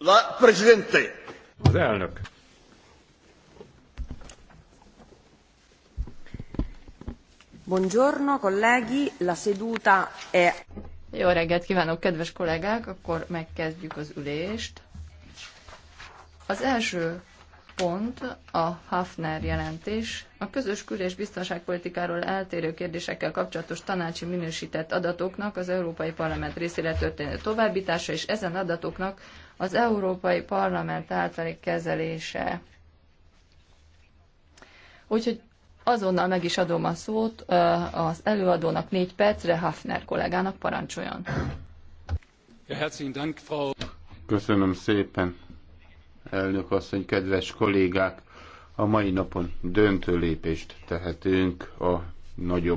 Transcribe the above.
La Presidente. Az elnök. Buongiorno, colleghi, la seduta è... Jó reggelt kívánok, kedves kollégák, akkor megkezdjük az ülést. Az első pont a Hafner jelentés. A közös kül- és biztonságpolitikáról eltérő kérdésekkel kapcsolatos tanácsi minősített adatoknak az Európai Parlament részére történő továbbítása és ezen adatoknak az Európai Parlament általi kezelése. Úgyhogy azonnal meg is adom a szót az előadónak négy percre, Hafner kollégának parancsoljon. Köszönöm szépen, elnök asszony, kedves kollégák! A mai napon döntő lépést tehetünk a nagyobb